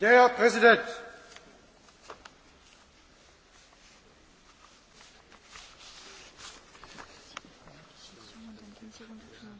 Der Herr Präsident!